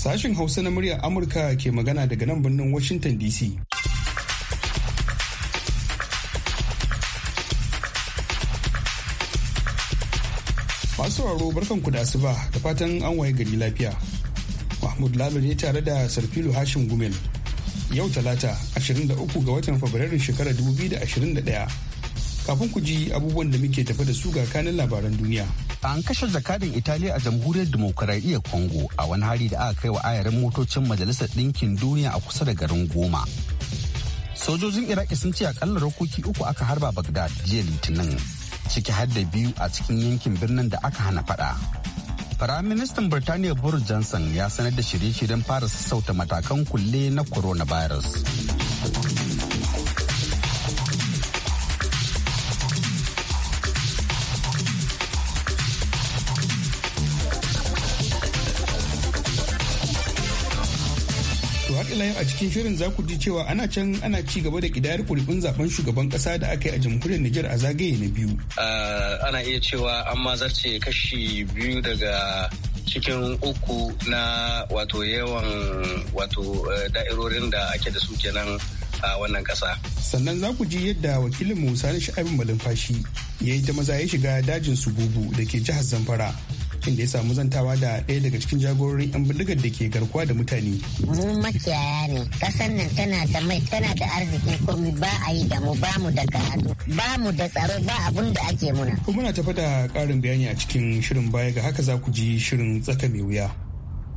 Sashen Hausa na muryar Amurka ke magana daga nan birnin Washington DC. Masu barkan ku da asuba da fatan an waye gari lafiya. Mahmud Lalo ne tare da Sarfilu Hashim Gumel. yau talata 23 ga watan fabrairu shekarar 2021 kafin ku ji abubuwan da muke tafa da su ga kanin labaran duniya an kashe jakadin italiya a jamhuriyar demokuraɗiyyar congo a wani hari da aka kai wa ayarin motocin majalisar ɗinkin duniya a kusa da garin goma sojojin iraki sun ce akalla rokoki uku aka harba bagdad jiya litinin ciki har da biyu a cikin yankin birnin da aka hana fada Firaministan Birtaniya Boris Johnson ya sanar da shirye-shiryen fara sassauta matakan kulle na coronavirus. ila a cikin shirin za ku ji cewa ana can ana ci gaba da kidayar kuri'un zaben shugaban kasa da aka yi a jamhuriyar Nijar a zagaye na biyu. Ah, ana iya cewa an mazarce kashi biyu daga cikin uku na wato yawan wato eh, da'irorin da ake da su kenan a wannan kasa. Sannan za ku ji yadda wakilin Musa na sha'abin malumfashi ya yi ta maza ya shiga dajin Sububu da ke jihar Zamfara inda ya samu zantawa da ɗaya daga cikin jagororin 'yan bindigar da ke garkuwa da mutane. Mu makiyaya ne, ƙasar nan tana da mai tana da arziki komi ba a yi da mu ba mu da karatu, ba mu da tsaro ba abun da ake muna. Kuma muna tafa da ƙarin bayani a cikin shirin baya ga haka za ku ji shirin tsaka mai wuya.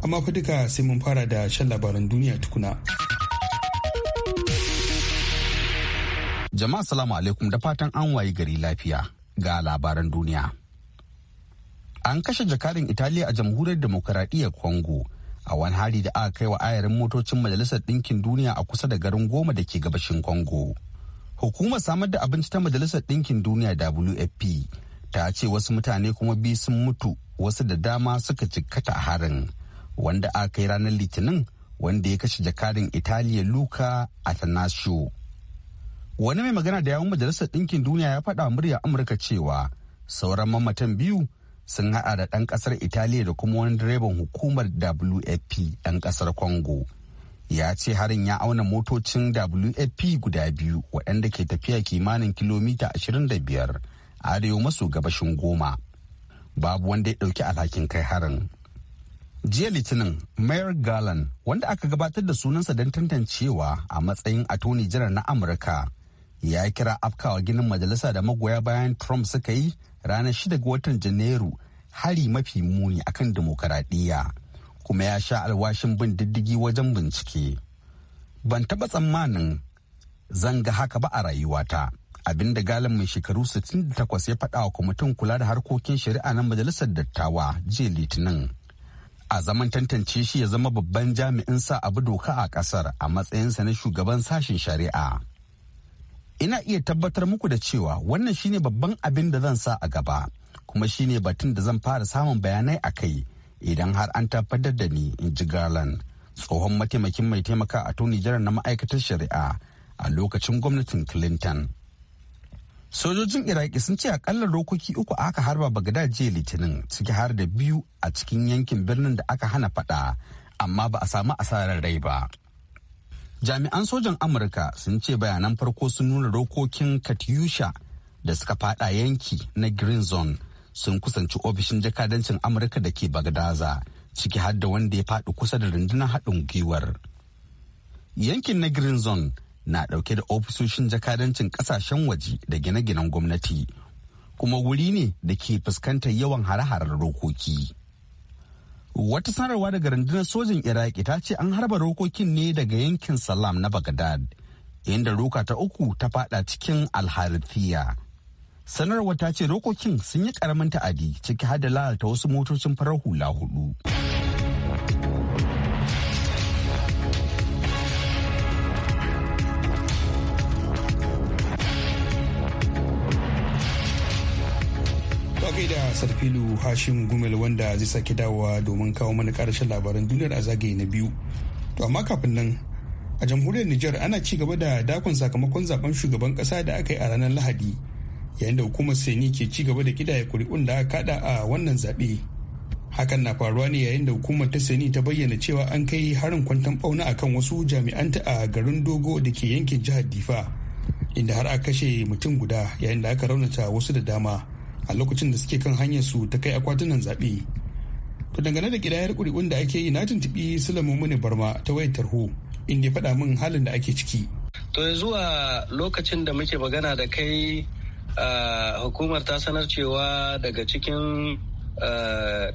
Amma fa duka sai mun fara da shan labaran duniya tukuna. Jama'a salamu alaikum da fatan an wayi gari lafiya ga labaran duniya. an kashe jakadin italiya a jamhuriyar demokaradiyyar congo a wani hari da aka kai wa ayarin motocin majalisar ɗinkin duniya a kusa da garin goma da ke gabashin congo hukumar samar da abinci ta majalisar ɗinkin duniya wfp ta ce wasu mutane kuma biyu sun mutu wasu da dama suka jikkata a harin wanda aka yi ranar litinin wanda ya kashe jakadin italiya luka athanasio wani mai magana da yawun majalisar ɗinkin duniya ya faɗa murya amurka cewa sauran mamatan biyu sun haɗa da ɗan ƙasar italiya da kuma wani direban hukumar wfp ɗan ƙasar congo ya ce harin ya auna motocin wfp guda biyu waɗanda ke tafiya kimanin kilomita 25 arewa maso gabashin goma babu wanda ya ɗauki alhakin kai harin jiya litinin mayor Galan, wanda aka gabatar da sunansa don tantancewa a matsayin atoni jiran na amurka ya kira afkawa ginin majalisa da magoya bayan trump suka yi ranar 6 ga watan janairu hari mafi muni akan demokaradiyya kuma ya sha alwashin bin diddigi wajen bincike ban taɓa tsammanin zanga haka ba a rayuwata abinda galan mai shekaru 68 ya faɗa wa kwamitin kula da harkokin shari'a na majalisar dattawa jiya litinin a zaman tantance shi ya zama babban jami'in sa abu doka a kasar a matsayinsa na shugaban sashen shari'a ina iya tabbatar muku da cewa wannan shine babban abin da zan sa a gaba kuma shine batun da zan fara samun bayanai a kai idan har an tabbatar da ni in ji galan tsohon mataimakin mai taimaka a tony jiran na ma'aikatar shari'a a lokacin gwamnatin clinton sojojin iraki sun ce akalla rokoki uku aka harba bagada jiya litinin ciki har da biyu a cikin yankin birnin da aka hana faɗa amma ba a samu asarar rai ba Jami'an sojan Amurka sun ce bayanan farko sun nuna dokokin Katyusha da suka fada yanki na Green Zone sun kusanci ofishin jakadancin Amurka da ke Bagdaza ciki har da wanda ya fadi kusa da rundunar haɗin gwiwar. Yankin na Green Zone na ɗauke da ofisoshin jakadancin ƙasashen waje da gine-ginen gwamnati kuma wuri ne da ke fuskantar yawan hare-haren rokoki. Wata sanarwa daga rundunar sojin Iraki ta ce an harba rokokin ne daga yankin Salam na Baghdad, inda roka ta uku ta fada cikin alharithiya. Sanarwa ta ce rokokin sun yi karamin ta'adi ciki har da lalata wasu motocin farar hula hudu. filu hashim gumel wanda zai sake dawowa domin kawo mana karshen labaran duniyar a zagaye na biyu to amma kafin nan a jamhuriyar niger ana ci gaba da dakon sakamakon zaben shugaban kasa da aka yi a ranar lahadi yayin da hukumar seni ke ci gaba da kidaya kuri'un da aka kada a wannan zaɓe hakan na faruwa ne yayin da hukumar ta seni ta bayyana cewa an kai harin kwantan bauna akan wasu jami'anta a garin dogo da ke yankin jihar difa inda har a kashe mutum guda yayin da aka raunata wasu da dama a lokacin da suke kan hanyar su ta kai akwatunan zaɓe. To dangane da kidayar ƙuri'un da ake yi na tuntuɓi Sulaimu Mune Barma ta wayar tarho inda ya faɗa min halin da ake ciki. To zuwa lokacin da muke magana da kai hukumar ta sanar cewa daga cikin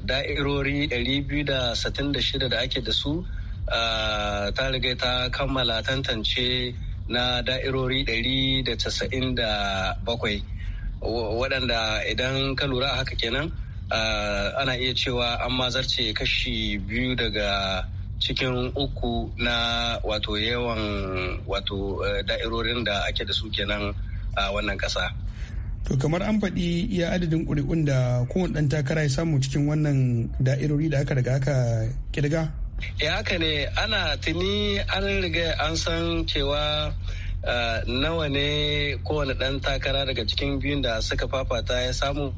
da'irori 266 da ake da su ta riga ta kammala tantance na da'irori 197 waɗanda idan ka lura haka kenan ah, ana iya cewa an mazarce kashi biyu daga cikin uku na wato yawan wato eh, da'irorin da ake da su kenan a wannan ƙasa. To kamar an faɗi iya adadin ƙuri'un da kowane ɗan takara ya samu cikin wannan da'irori da aka riga aka kirga? Ya eh, haka ne ana tuni an riga an san cewa Eh, nawa ne kowane ɗan takara daga cikin biyun da suka fafata ya samu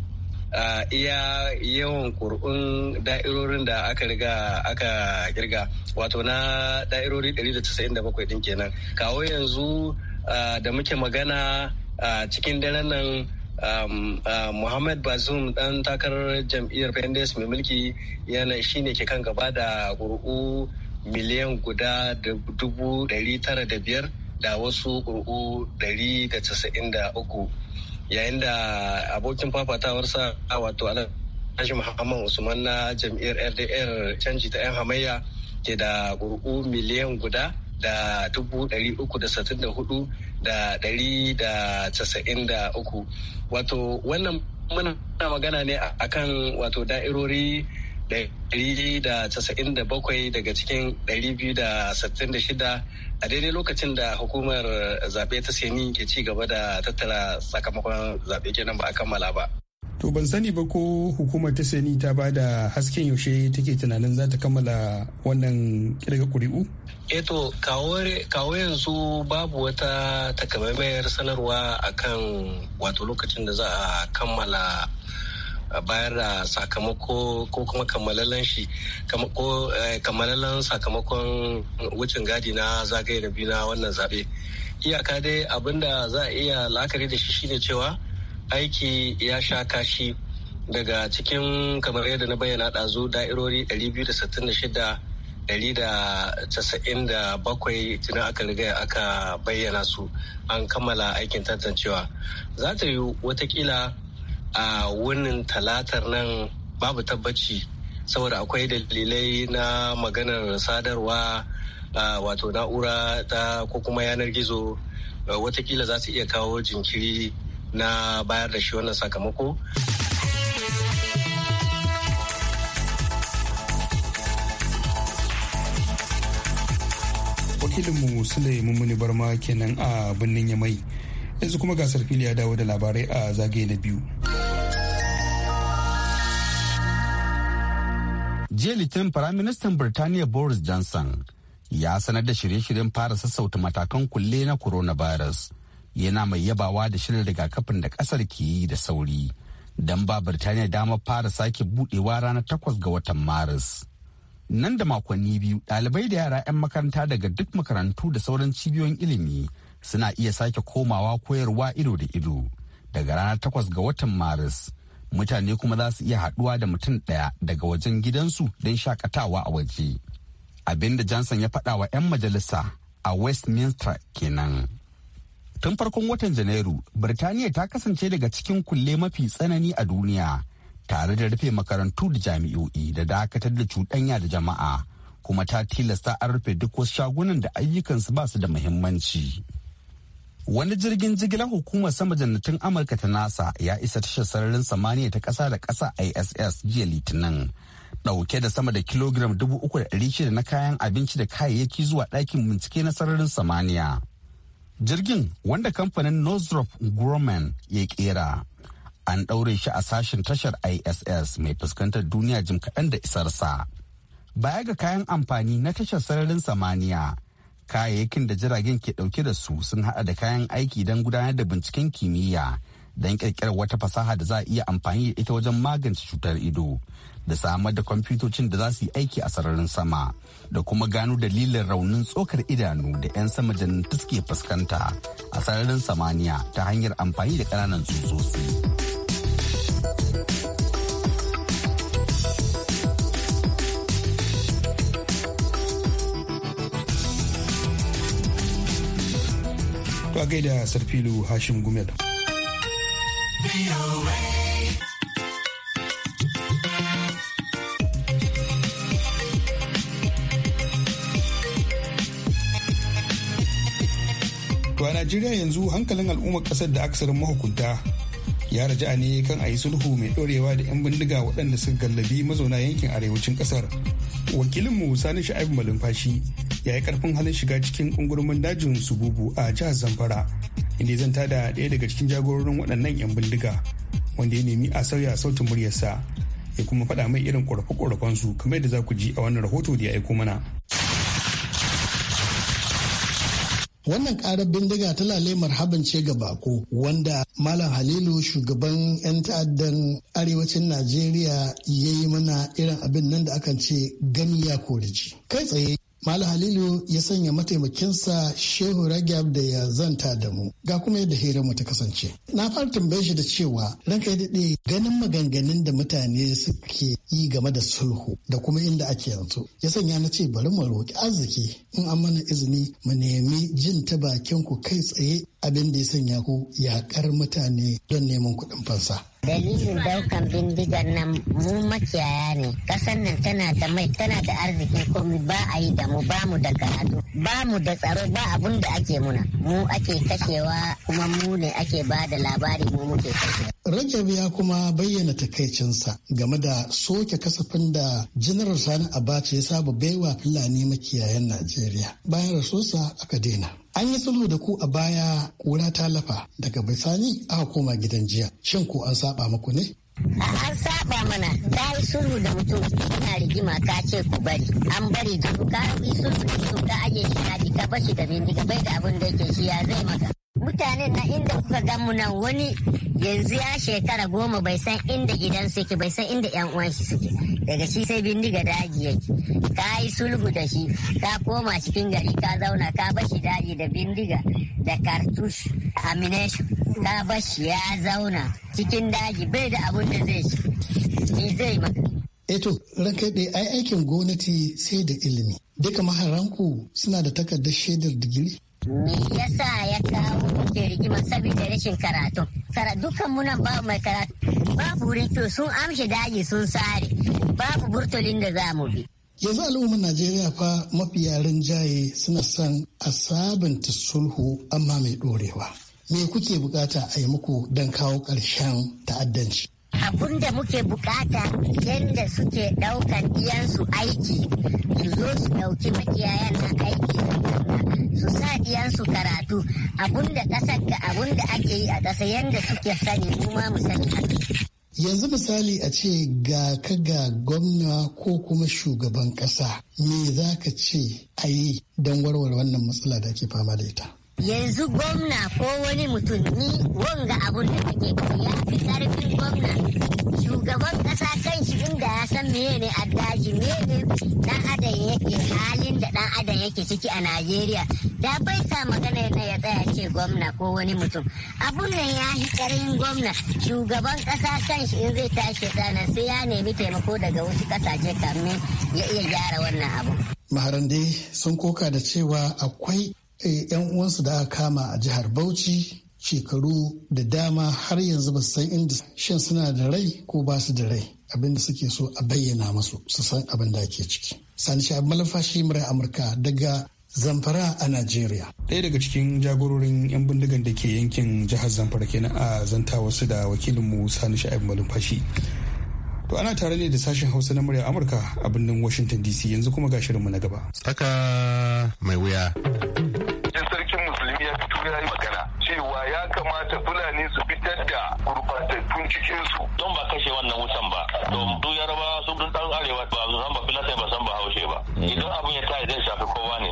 a eh, iya yawan kur'un da'irorin da aka riga aka girga wato na da'irori 197 din kenan kawo yanzu eh, da muke magana a cikin daren nan um, uh, Muhammad Bazoum dan takarar jam'iyyar PNDS mai mulki yana shine ke kan gaba da ƙuri'u miliyan guda da dubu ɗari tara da biyar da wasu ƙuri'u 193 yayin da abokin fafatawar sa a wato alhaji muhammad usman na jam'iyyar rdr canji ta 'yan hamayya ke da ƙuri'u miliyan guda da dubu ɗari uku da satin da hudu da ɗari da casa'in da uku wato wannan muna magana ne a kan wato da'irori ɗari da casa'in da bakwai daga cikin ɗari biyu da satin da shida a daidai lokacin da hukumar zaɓe ta seni ke ci gaba da tattara sakamakon zaɓe kenan ba a kammala ba to ban sani ba ko hukumar ta seni ta ba da hasken yaushe take tunanin za ta kammala wannan kirga kuri'u eto eh kawo yanzu babu wata takamaimayar sanarwa akan wato lokacin da za a kammala bayar da sakamako ko kuma kammalallen shi ko eh, kammalallen sakamakon wucin gadi na zagaye na biyu na wannan zaɓe iyaka dai abinda za a iya la'akari da shi shine cewa aiki ya sha kashi daga cikin kamar yadda na bayyana ɗazu da'irori 266 bakwai tunan aka riga aka bayyana su an kammala aikin tantancewa za ta yi watakila a wannan talatar nan babu tabbaci saboda akwai dalilai na maganar sadarwa wato na'ura ta ko kuma yanar gizo watakila za su iya kawo jinkiri na bayar da shi wannan sakamako. wakilinmu sule mummuni barma kenan a birnin yamai yanzu kuma gasar fili ya dawo da labarai a zagaye na biyu jiya litinin firaministan birtaniya boris johnson ya sanar da shirye-shiryen fara sassauta matakan kulle na coronavirus yana mai yabawa da shirin rigakafin da kasar ke yi da sauri don ba birtaniya dama fara sake budewa ranar takwas ga watan maris nan da makonni biyu ɗalibai da yara 'yan makaranta daga duk makarantu da sauran cibiyoyin ilimi suna iya sake komawa koyarwa ido da ido daga ranar takwas ga watan maris mutane kuma za su iya haɗuwa da mutum ɗaya daga wajen gidansu don shakatawa a waje abinda johnson ya faɗa wa 'yan majalisa a westminster kenan tun farkon watan janairu birtaniya ta kasance daga cikin kulle mafi tsanani a duniya tare da rufe makarantu da jami'o'i da dakatar da cuɗanya da jama'a kuma ta tilasta an rufe duk wasu shagunan da ayyukansu ba su da muhimmanci. Wani jirgin jigilar hukumar sama jannatin Amurka ta NASA ya isa tashar sararin samaniya ta ƙasa da ƙasa ISS jiya Litinin. Ɗauke da sama da kilogiram dubu uku da ɗari shida na kayan abinci da kayayyaki zuwa ɗakin bincike na sararin samaniya. Jirgin wanda kamfanin Northrop Grumman ya ƙera. An ɗaure shi a sashen tashar ISS mai fuskantar duniya jim kaɗan da isarsa. Baya ga kayan amfani na tashar sararin samaniya, kayayyakin da jiragen ke dauke da su sun hada da kayan aiki don gudanar da binciken kimiyya don kirkirar wata fasaha da za a iya amfani da ita wajen magance cutar ido da samar da kwamfutocin da za su yi aiki a sararin sama da kuma gano dalilin raunin tsokar idanu da 'yan sama jannatus ke fuskanta a sararin samaniya ta hanyar amfani da ƙananan tsutsotsi. To a gaida Sarfilu Hashim Gumel. To a Najeriya yanzu hankalin al'ummar kasar da aksarin mahukunta ya raja ne kan a yi sulhu mai ɗorewa da 'yan bindiga waɗanda suka gallabi mazauna yankin arewacin ƙasar. Wakilinmu Sani Sha'ib Malumfashi yayi karfin halin shiga cikin ƙungurmin dajin sububu a jihar zamfara inda zan tada ɗaya daga cikin jagororin waɗannan 'yan bindiga wanda ya nemi a sauya sautin muryarsa ya kuma faɗa mai irin ƙorafe su kamar yadda za ku ji a wannan rahoto da ya aiko mana. Wannan karar bindiga ta lalai marhaban ce ga bako wanda Malam Halilu shugaban 'yan ta'addan arewacin Najeriya ya yi mana irin abin nan da akan ce gani ya koriji. Kai tsaye mala Halilu ya sanya mataimakinsa Shehu Ragab da ya zanta da mu. Ga kuma yadda hira mu ta kasance. Na fara tambaye shi da cewa ranka daɗe ganin maganganun da mutane suke yi game da sulhu da kuma inda ake yanzu. Ya sanya na ce bari mu roƙi arziki in an mana izini mu nemi jin ta bakin ku kai tsaye abin da ya sanya ku kar mutane don neman kuɗin fansa. dalilin daukan bindigar nan mu makiyaya ne kasan nan tana da mai tana da arziki komi ba a yi da mu ba mu da gado ba mu da tsaro ba abun da ake muna mu ake kashewa kuma mu ne ake ba da labari mu muke kashewa Rajab ya kuma bayyana takaicinsa game da soke kasafin da Janar Sani Abacha ya saba baiwa Fulani makiyayan Najeriya bayan rasosa aka daina. An yi sulhu da ku a baya kura ta lafa daga bisani aka koma gidan jiya. Shin ko an saba muku ne? An saba mana ta yi sulhu da mutum yana rigima ka ce ku bari. An bari da ka yi sulhu da mutum ka ajiye shi na ka bashi da bindiga bai da abin da yake shi ya zai maka. mutanen na inda kuka ga mu nan wani yanzu ya shekara goma bai san inda gidan suke bai san inda yan uwan shi suke daga shi sai bindiga daji yake ka yi sulhu da shi ka koma cikin gari ka zauna ka bashi daji da bindiga da kartush amination ka bashi ya zauna cikin daji bai da abun da zai ni zai maka eto eh ranka dai ai aikin gwamnati sai da ilimi duka maharanku suna da takardar shaidar digiri Me yasa ya kawo ke rigima saboda rashin karatu. Dukkan munan babu mai karatu. Babu wurin to sun amshi daji sun sare. Babu burtolin da za mu bi. yanzu al'ummar najeriya fa mafi yaren rinjaye suna son a sabunta sulhu amma mai ɗorewa. me kuke bukata a yi muku don kawo ƙarshen ta'addanci abun da muke bukata yadda suke daukan iyansu aiki su zo su dauki makiyayan na aiki su sa iyansu karatu abun da kasar ga abun da ake yi a ƙasa yadda suke sani kuma mu sani yanzu misali a ce ga ka ga gwamna ko kuma shugaban ƙasa me za ka ce a yi don warware wannan matsala da ake fama da ita yanzu gwamna ko wani mutum ni wanga abun da kake ya fi karfin gwamna shugaban kasa kan shi inda ya san meye ne a daji meye ne dan adam yake halin da dan adam yake ciki a najeriya da bai sa magana na ya tsaya ce gwamna ko wani mutum abun nan ya fi karfin gwamna shugaban kasa kan shi in zai tashi tsanan sai ya nemi taimako daga wasu kasashe kamin ya iya gyara wannan abun. Maharande sun koka da cewa akwai Eh, 'yan uwansu da aka kama a jihar Bauchi shekaru da dama har yanzu ba san inda shin suna da rai ko ba su da rai abin da suke so a bayyana masu su san abin da ake ciki. Sani Shahab Malafashi murai Amurka daga Zamfara a nigeria. daya daga cikin jagororin 'yan bindigan da ke yankin jihar Zamfara kenan a zanta wasu da wakilinmu Sani Sha'ib malafashi To ana tare ne da sashen Hausa na murya Amurka a birnin Washington DC yanzu kuma ga shirinmu na gaba. Tsaka mai wuya. ya yi magana cewa ya kamata fulani su fitar da gurbatattun cikinsu. don ba kashe wannan wutan ba don mm. duk yaraba sun dun ɗan arewa ba su san ba filatai ba san ba haushe ba mm. idan abin ya tayi zai shafi kowa ne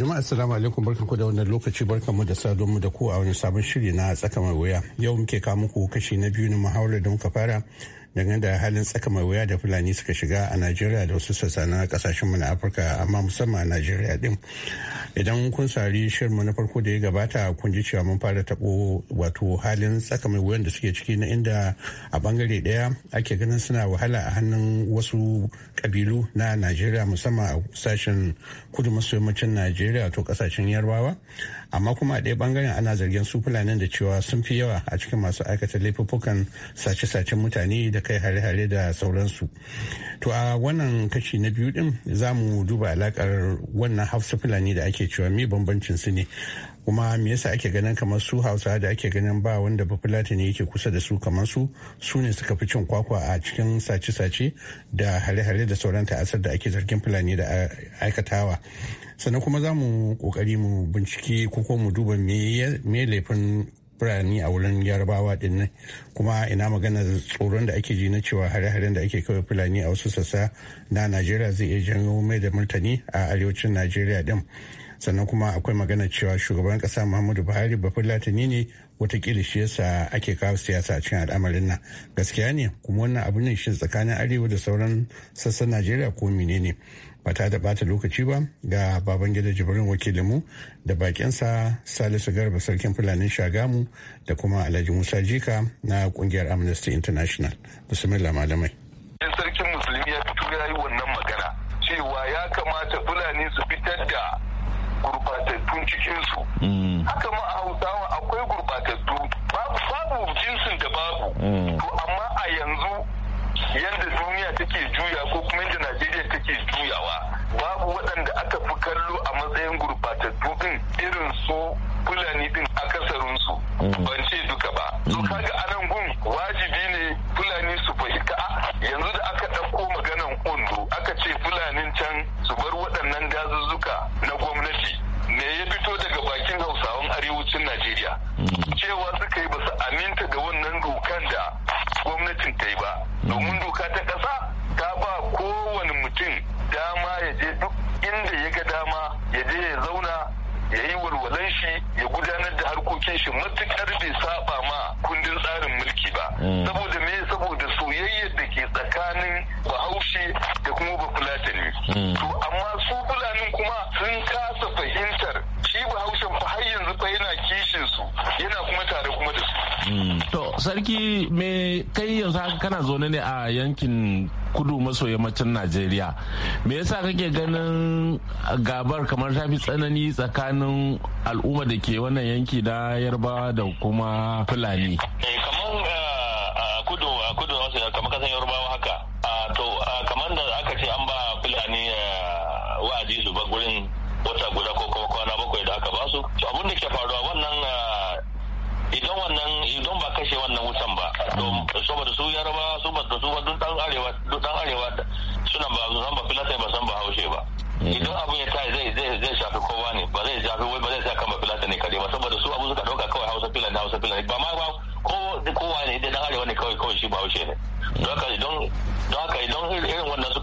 jama'a assalamu alaikum barkanku da wannan lokaci mu da mu da ku a wani sabon shiri na tsaka mai wuya yau muke kawo muku kashi na biyu na muhawarar da muka fara dangane da halin tsaka mai wuya da fulani suka shiga a najeriya da wasu sassa na kasashen mu na afirka amma musamman a najeriya din idan kun sari mu na farko da ya gabata kun ji cewa mun fara tabo wato halin tsaka mai wuyan da suke ciki na inda a bangare daya ake ganin suna wahala a hannun wasu kabilu na najeriya musamman a sashen kudu maso yammacin najeriya to kasashen yarbawa amma kuma a ɗaya bangaren ana zargin su fulanin da cewa sun fi yawa a cikin masu aikata laifuffukan sace-sacen mutane da kai hare-hare da sauransu to a wannan kashi na biyu din za mu duba alakar wannan hausa fulani da ake cewa me bambancin su ne kuma me yasa ake ganin kamar su hausa da ake ganin ba wanda bafulata ne yake kusa da su kamar su su ne suka fi cin kwakwa a cikin sace-sace da hare-hare da sauran ta'asar da ake zargin fulani da aikatawa sannan kuma za mu kokari mu bincike ko ko mu duba me laifin birane a wurin yarabawa din nan kuma ina maganar tsoron da ake ji na cewa hare-haren da ake kawai fulani a wasu sassa na najeriya zai iya janyo mai da martani a arewacin najeriya din sannan kuma akwai magana cewa shugaban kasa muhammadu buhari bafulatani ne watakila shi yasa ake kawo siyasa a cikin al'amarin nan gaskiya ne kuma wannan abu ne shi tsakanin arewa da sauran sassan najeriya ko menene ba ta da bata lokaci ba ga baban gida jibrin wakilinmu da bakinsa salisu garba sarkin fulanin shagamu da kuma alhaji musa jika na kungiyar amnesty international bismillah malamai in sarkin musulmi ya fito ya yi wannan magana cewa ya kamata fulani su fitar da gurbatattun cikinsu mm. haka ma a hausawa akwai gurbatattu babu jinsin da babu mm. to amma a yanzu yadda duniya take juya ko kuma yadda najeriya take juyawa babu waɗanda aka fi kallo a matsayin gurbatattu din irin su fulani din akasarinsu mm. ban ce duka ba so mm. kaga zauna ya yi walwalan shi ya gudanar da harkokin shi matukar bai saba ma kundin tsarin mulki ba mm. ne. Hmm. amma su fulanin kuma sun kasa fahimtar shi bahaushen fa har yanzu fa yana kishin su yana kuma tare kuma da su hmm. to sarki me kai yanzu haka kana zaune ne a yankin kudu maso yammacin najeriya me yasa kake ganin gabar kamar ta fi tsanani tsakanin al'umma da ke wannan yanki da yarbawa da kuma fulani eh, kamar eh, gurin wata guda ko kuma kwana bakwai da aka ba su to abin da ke faruwa wannan ah, idan wannan idan ba kashe wannan wutan ba saboda su yarba su ba su ba duk dan arewa duk dan arewa suna ba su san ba filatai ba san ba haushe ba mm. idan abin ya tayi zai zai zai shafi kowa ne ba zai shafi wai ba zai sa kama filata ne kare ba saboda su abu suka dauka kawai hausa filan hausa filan ba ma ba ko kowa ne idan arewa ne kawai kawai shi ba haushe ne don haka idan don haka idan irin wannan su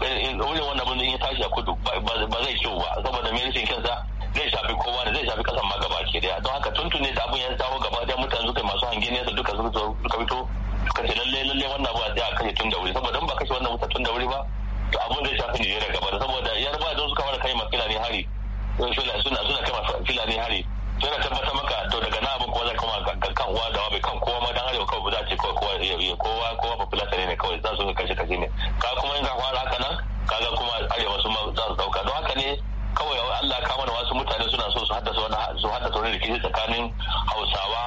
dole wanda abin ya tashi a kudu ba zai kyau ba saboda medicine kansa zai shafi kowa ne zai shafi kasan ma gaba ke daya don haka ne da abin ya dawo gaba da mutane suka masu hange da duka suka fito suka ce lalle lalle wannan ba sai kashe tun da wuri saboda in ba kashe wannan wuta tun da wuri ba to abin zai shafi Nigeria gaba da saboda ba don suka fara kai ma filani hari suna suna kai ma filani hari yana tabbatar maka to daga na abin kowa zai koma kan uwa da wabe kan kowa ma dan arewa kawai ba za a ce kowa kowa kowa ba fulata ne kawai za su kashe kashe ne ka kuma yin zafara haka nan kaga kuma arewa su za su dauka don haka ne kawai Allah ya kama da wasu mutane suna so su haddasa wani su haddasa wani rikici tsakanin Hausawa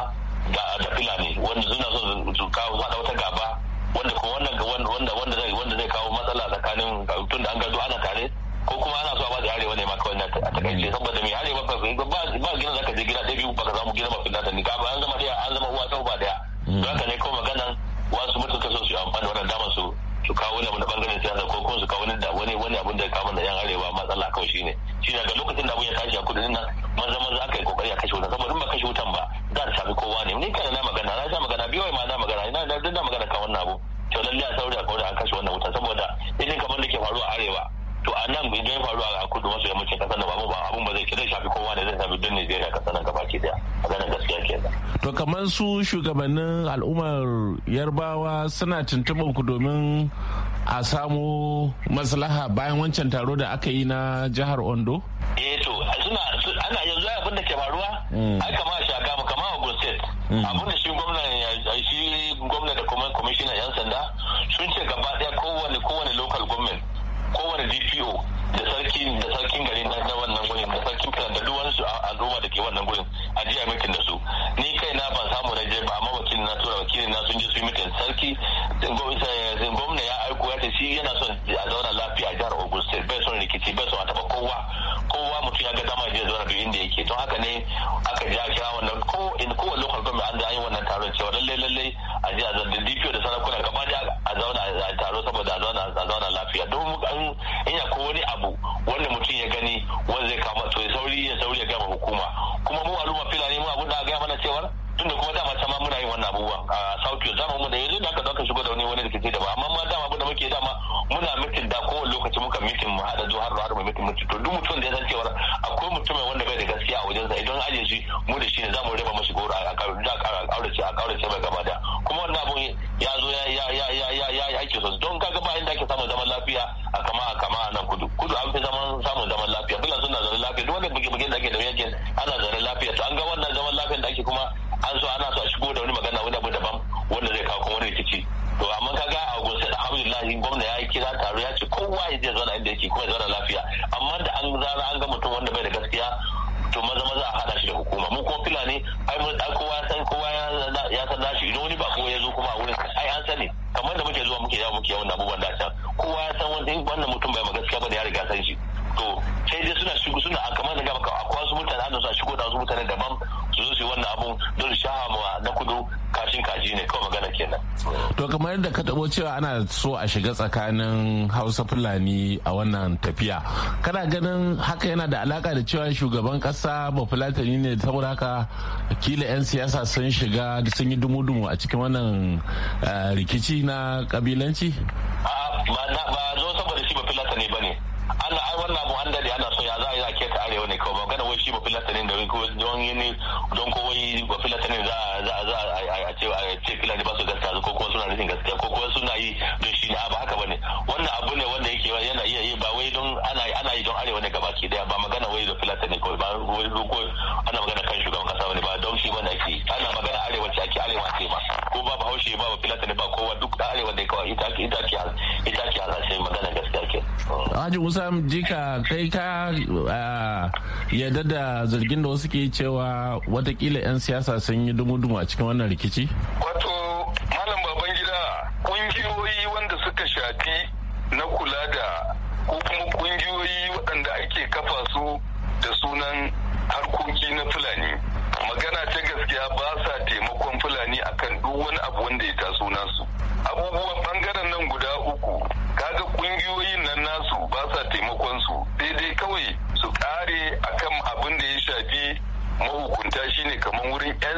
da da Fulani wanda suna so su kawo fada wata gaba wanda ko wannan ga wanda wanda zai wanda zai kawo matsala tsakanin tun da an gado ana tare ko kuma ana so a bada arewa ne ma kawai na a takaice saboda me arewa ba ba gina zaka je gina ɗaya biyu ba ka samu gina ba fulani ni ka ba an zama daya an zama uwa ta ba daya don haka ne kawai maganan wasu mutum so su yi amfani wannan damar su su kawo wani abu na bangaren siyasa ko kuma su kawo wani wani wani abu da ya kawo da yan arewa matsala kawai shine shi daga lokacin da abu ya tashi a kudin nan maza maza aka yi kokari a kashe wutan saboda in ba kashe wutan ba za ta shafi kowa ne ni kana na magana na sha magana biyu ma na magana ina na dinda magana kan wannan abu to lalle a a kawai an kashe wannan wutan saboda irin kamar da ke faruwa a arewa to a nan idan faru a kudu maso yammacin kasar da ba abun ba zai kira shafi kowa ne zai shafi duk Najeriya kasar nan gaba daya kamar su shugabannin al'ummar yarbawa suna tuntuɓar ku domin a samu maslaha bayan wancan taro da aka yi na jihar ondo? eh to suna ana yanzu abin da ke faruwa mm. ai kama shaka mu kama a ogun state mm. abin da shi gwamnan shi gwamnan da kuma kwamishinan yan sanda sun ce gaba daya kowane kowane local government kowane dpo da sarkin da sarkin gari na wannan gurin da sarkin da duk wani al'umma da ke wannan gurin a jiya mikin da su gwamna ya aiko ya ta shi yana son cewa ana so a shiga tsakanin hausa fulani a wannan tafiya kana ganin haka yana da alaka da cewa shugaban kasa ba fulatani ne saboda haka kila 'yan siyasa sun shiga sun yi dumu-dumu a cikin wannan eh, rikici na kabilanci ba zo saboda shi ba fulatani ba ne ana ai wannan abu handali ana so ya za a yi a keta arewa ne kawai magana wai shi ba filatani da ko don ne don ko wai ba filatani za za za a ce a ce filani ba su gaskiya ko kuma suna rikin gaskiya ko kuma suna yi don shi ne ba haka bane wannan abu ne wanda yake yana iya yi ba wai don ana ana yi don arewa ne gabaki daya ba magana wai da filatani kawai ba wai ko ana magana kan shugaban kasa ne ba don shi bane ake ana magana arewa ce ake arewa ce ma ko ba haushe ba ba filatani ba kowa duk arewa da kawai ita ake ita ake ita ake hasashe magana gaskiya ke Haji Musa Jika kai ka yadda da zargin da wasu ke cewa watakila 'yan siyasa sun yi dumu a cikin wannan rikici? Wato Malam gida kungiyoyi wanda suka shafi na kula da ko kuma kungiyoyi waɗanda ake kafa su da sunan harkoki na Fulani. Magana ta gaskiya ba sa taimakon Fulani akan duk wani abu wanda ya taso nasu. wurin 'yan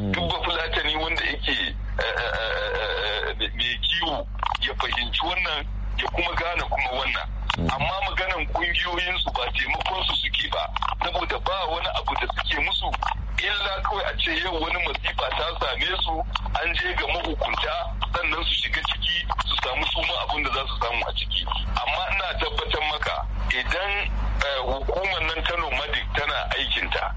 duk ba fulatani wanda yake eh, eh, eh, mai kiwo ya fahimci wannan ya kuma gane kuma wannan amma maganan ƙungiyoyinsu ba taimakon su suke ba saboda ba wani abu da suke musu illa kawai a ce yau wani masifa ta same su an je ga mahukunta sannan su shiga ciki su samu suma abin da za su samu a ciki amma ina tabbatar maka idan hukumar nan ta nomadic tana aikinta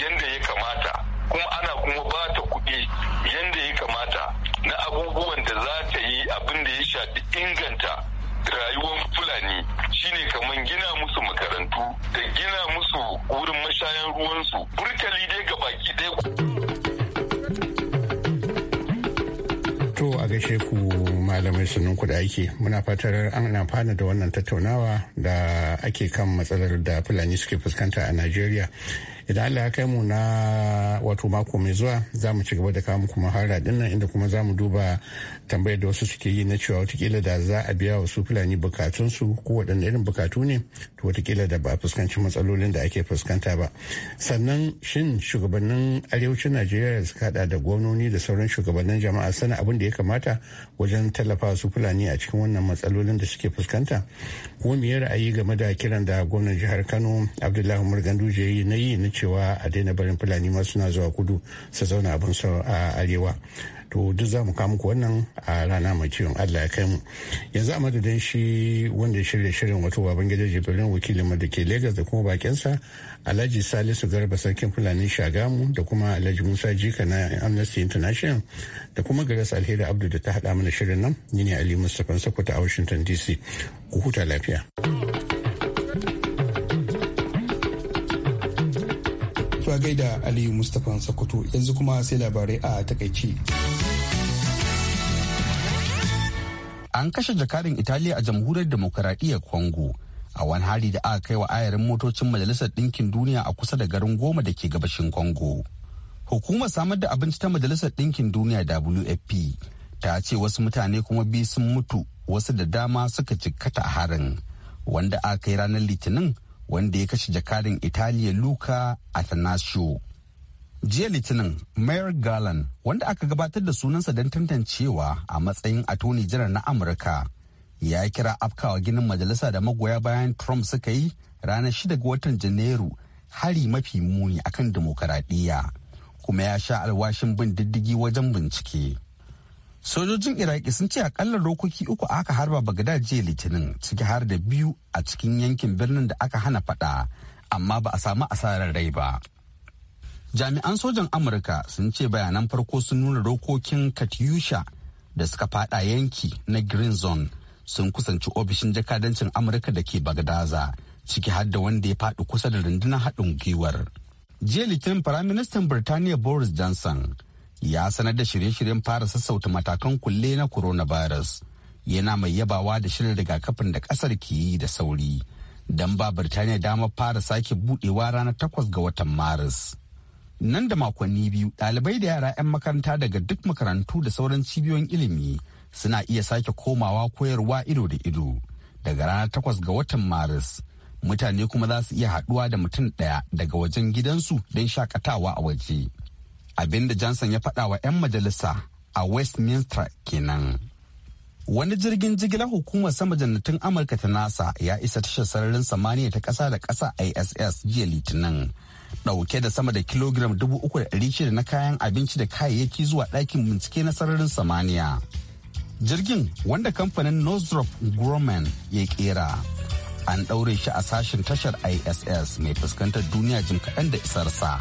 yadda ya kamata kuma ana kuma ba ta kuɗi yadda ya kamata na abubuwan da za ta yi abin da ya shafi inganta rayuwar fulani shine kamar gina musu makarantu da gina musu wurin mashayan ruwansu burtali dai ga baki dai to a gaishe ku malamai sunan kuɗa ake muna fatar an amfana da wannan tattaunawa da ake kan matsalar da fulani suke fuskanta a najeriya idan allah ya kai mu na wato mako mai zuwa za mu ci gaba da kawo muku mahara din nan inda kuma za mu duba tambayar da wasu suke yi na cewa watakila da za a biya wasu fulani bukatunsu ko waɗanne irin bukatu ne to watakila da ba a fuskanci matsalolin da ake fuskanta ba sannan shin shugabannin arewacin najeriya suka hada da gwamnoni da sauran shugabannin jama'a sana abin da ya kamata wajen tallafa su fulani a cikin wannan matsalolin da suke fuskanta ko me ra'ayi game da kiran da gwamnan jihar kano abdullahi umar duje na yi na cewa a daina barin fulani ma suna zuwa kudu su zauna abin su a arewa to duk za mu kama ku wannan a rana mai ciwon allah ya kai mu yanzu a madadin shi wanda ya shirya shirin wato baban gidan jibirin wakilin ma da ke Legas da kuma bakinsa alhaji salisu garba sarkin fulani shagamu da kuma alhaji musa jika na amnesty international da kuma garas alheri abdu da ta haɗa mana shirin nan ni ne ali mustapha Sakkwata a washington dc ku huta lafiya To gaida Aliyu Mustapha Sokoto yanzu kuma sai labarai a takaici. An kashe jakarin Italiya a jamhuriyar demokaradiyyar Congo a wani hari da aka kai wa ayarin motocin Majalisar Ɗinkin Duniya a kusa da garin goma da ke gabashin Congo. Hukumar samar da abinci ta Majalisar Ɗinkin Duniya WFP ta ce wasu mutane kuma biyu sun mutu wasu da dama suka jikkata a harin wanda aka yi ranar Litinin wanda ya kashe jakadin Italiya Luca Atanasio. Jiya Litinin, Mayor Garland, wanda aka gabatar da sunansa don tantancewa a matsayin toni jiran na Amurka, ya kira afkawa ginin majalisa da magoya bayan Trump suka yi ranar 6 ga watan Janairu hari mafi muni akan demokaradiyya kuma ya sha alwashin bin diddigi wajen bincike. sojojin iraki sun ce akalla rokoki uku aka harba bagada jiya litinin ciki har da biyu a cikin yankin birnin da aka hana fada amma ba a samu asarar rai ba jami'an sojan amurka sun ce bayanan farko sun nuna rokokin katyusha da suka fada yanki na green zone sun kusanci ofishin jakadancin amurka da ke bagdaza ciki har da wanda ya faɗi kusa da rundunar haɗin gwiwar jiya litinin firaministan birtaniya boris johnson ya sanar da shirye-shiryen fara sassauta matakan kulle na coronavirus yana mai yabawa da shirin rigakafin da kasar ke yi da sauri don ba birtaniya dama fara sake budewa ranar takwas ga watan maris nan da makonni biyu dalibai da yara 'yan makaranta daga duk makarantu da sauran cibiyoyin ilimi suna iya sake komawa koyarwa ido da ido daga ranar takwas ga watan maris mutane kuma za su iya haduwa da mutum daya daga wajen gidansu don shakatawa a waje. abinda johnson ya faɗa wa 'yan majalisa a westminster kenan wani jirgin jigilar hukumar sama jannatin amurka ta nasa ya isa tashar sararin samaniya ta ƙasa da ƙasa iss jiya litinin ɗauke da sama da kilogiram dubu uku da shida na kayan abinci da kayayyaki zuwa ɗakin bincike na sararin samaniya jirgin wanda kamfanin northrop grumman ya kera an ɗaure shi a sashen tashar iss mai fuskantar duniya jim kaɗan da isarsa.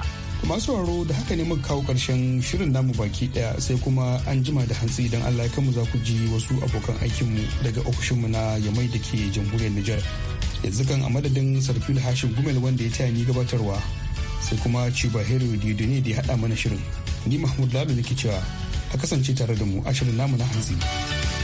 masu sauraro da haka ne muka kawo karshen shirin namu baki daya sai kuma an jima da hantsi idan allah kanmu za ku ji wasu abokan aikinmu daga ofishinmu na yamai da ke jamhuriyar nijar yanzu kan a madadin sarfil hashin gumel wanda ya taya ni gabatarwa sai kuma ciba hero ne da ya haɗa mana shirin ni mahmud lalu ke cewa a kasance tare da mu a shirin namu na hantsi.